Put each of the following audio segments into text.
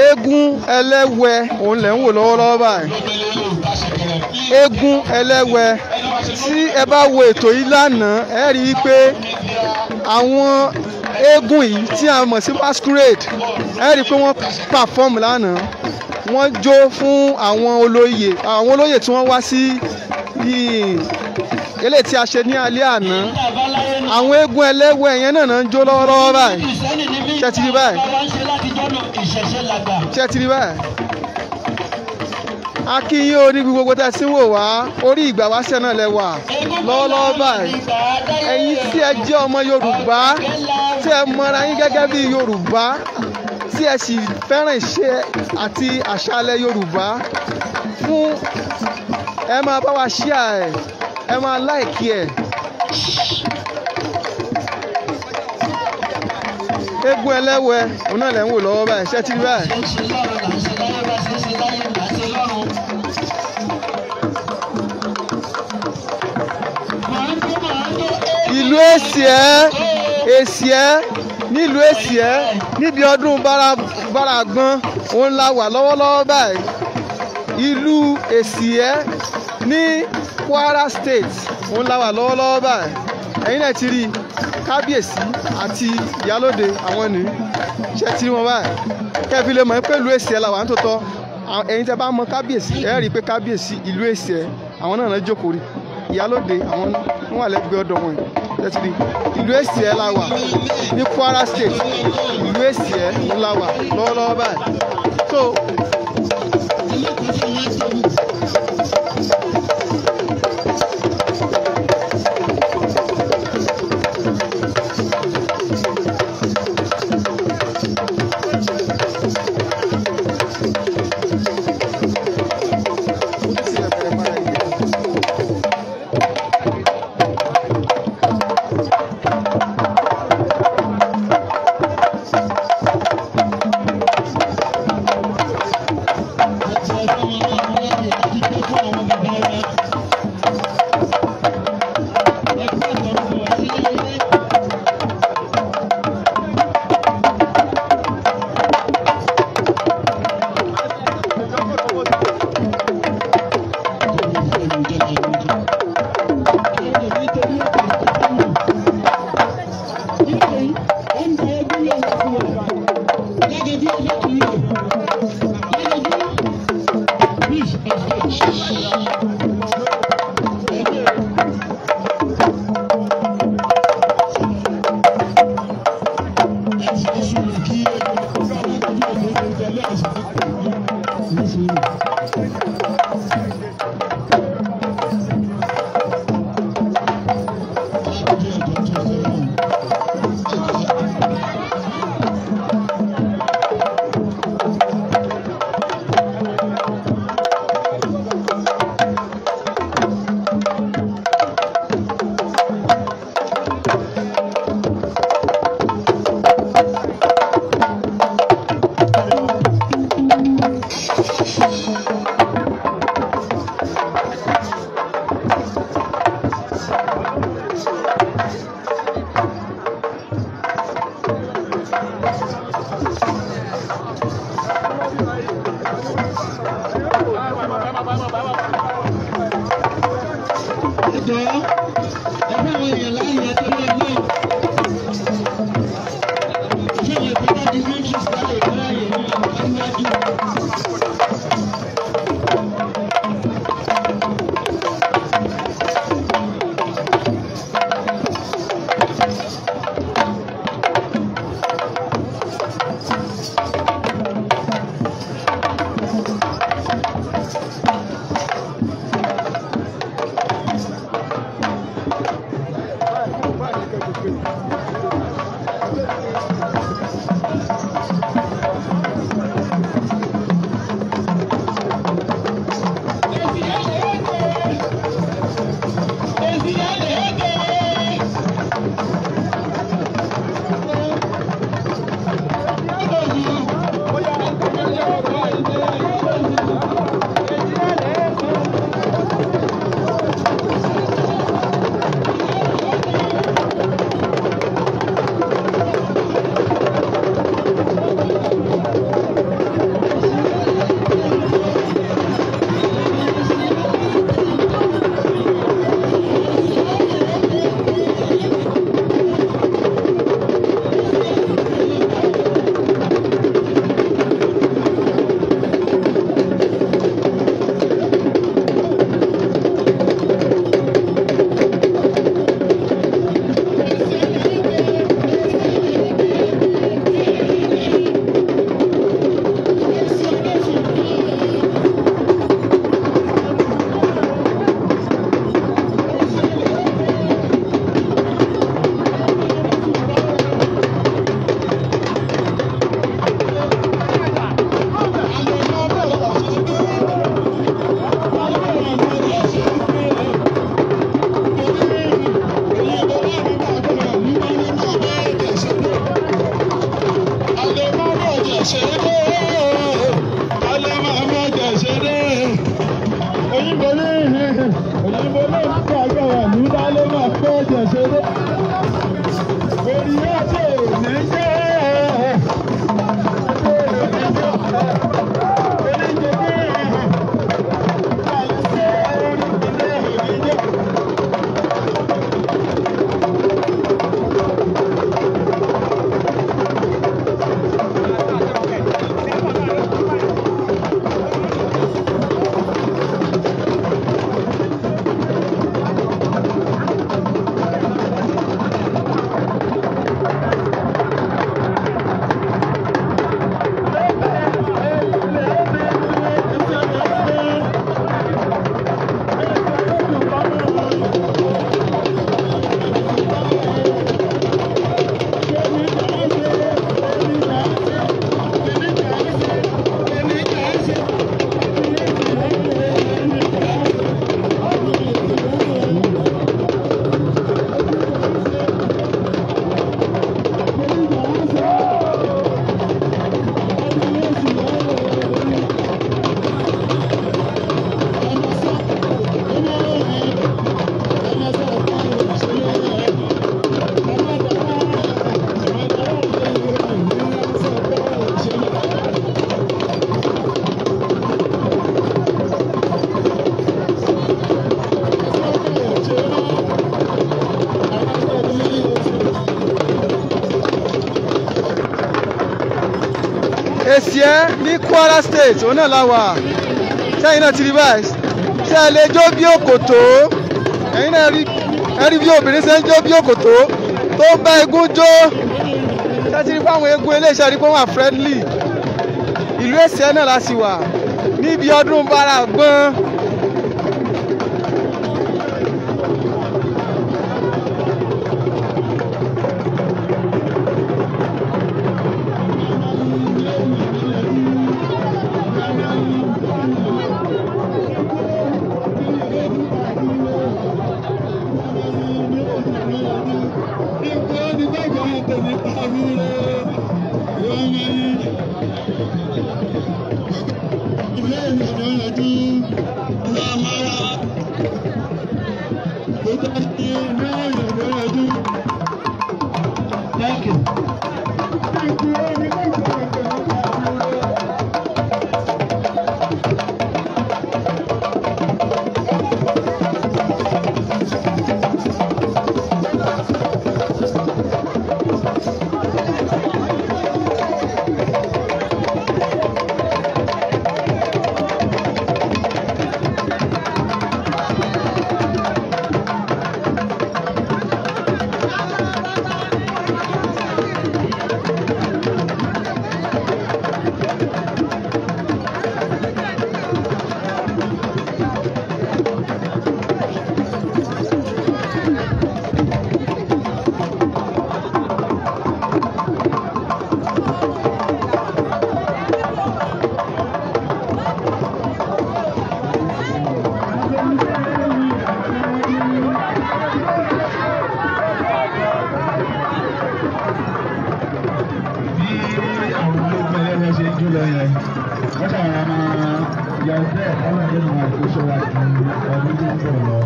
Egun, ẹlẹ́wẹ̀ òun lẹ̀ ń wò lọ́wọ́lọ́wọ́ báyìí eégún ẹlẹ́wẹ̀ tí ẹ bá wo ètò yìí lánàá ẹ rí i pé àwọn Egun, yìí tí a mọ̀ sí masquerade ẹ rí i pé wọ́n perform lánàá wọ́n jó fún àwọn olóyè àwọn olóyè tí wọ́n wá sí eléyìí tí a ṣe ní alẹ́ àná àwọn eégún ẹlẹ́wẹ̀ yẹn náà ń jó lọ́wọ́lọ́wọ́ báyìí ṣe báyìí ìṣẹ̀ṣe làgbà. ṣé ti rí báyìí a kí yín o níbi gbogbo tá a ti ń wò wá orí ìgbà wá sẹ́ẹ̀ náà lẹ wà lọ́wọ́lọ́wọ́ báyìí ẹ̀yin tí ẹ jẹ́ ọmọ Yorùbá tí ẹ mọra yín gẹ́gẹ́ bí Yorùbá tí ẹ sì fẹ́ràn ìṣe àti àṣàlẹ̀ Yorùbá fún ẹ máa bá wa ṣíà ẹ ẹ máa láìkí ẹ. eégún ẹlẹ́wẹ̀ òun náà lẹ́ ń wò lọ́wọ́ báyìí ṣé ti rí báyìí. ìlú èsì ẹ èsì ẹ nílùú èsì ẹ níbi ọdún báragbọ́n òun la wà lọ́wọ́lọ́wọ́ báyìí ìlú èsì ẹ ní Kwara State òun la wà lọ́wọ́lọ́wọ́ báyìí ẹ̀yin náà ti rí i kábíyèsí àti ìyálóde àwọn ni ṣe ti wọn báyìí kẹfì lè mọ̀ pẹ̀lú Èsìẹ́ làwọn à ń tó tọ́ ẹ̀yin tẹ́ bá mọ̀ kábíyèsí ẹ rí i pé kábíyèsí ìlú Èsìẹ́ àwọn náà náà jókòó rí ìyálóde àwọn ń wà lẹ́gbẹ̀ẹ́ ọ̀dọ̀ wọn tẹ́tìrì ìlú Èsìẹ́ la wà ní Kwara State ìlú Èsìẹ́ la wà lọ́wọ́lọ́wọ́ báyìí so. Thank you. Ìsìẹ́ ní Kwara State òun náà la wà sẹ́yìn náà ti rí báyìí ṣé ẹ lè jó bí òkòtó ẹ̀yin náà rí bí obìnrin ṣe ń jó bí òkòtó tó bá egun jó ṣé ti rí fáwọn egun eléyìí rí pé wọ́n wà friendly ìlú Ìsìẹ́ náà la sì wà níbi ọdún bára gbọ́n. 감사합니다. lọ yẹn wọ́n ṣàwọn ọmọ ìyá ọgbẹ́ ọlọ́run nínú àwọn àkóso wa ju ọdún tó ń bọ̀ lọ.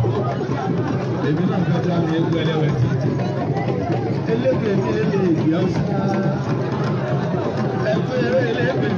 èmi náà fẹ́ dá mi ewu ẹlẹ́wẹ̀ títì elégbèé mi eléyìí ọ̀sán ẹgbẹ́ eré elégbèé.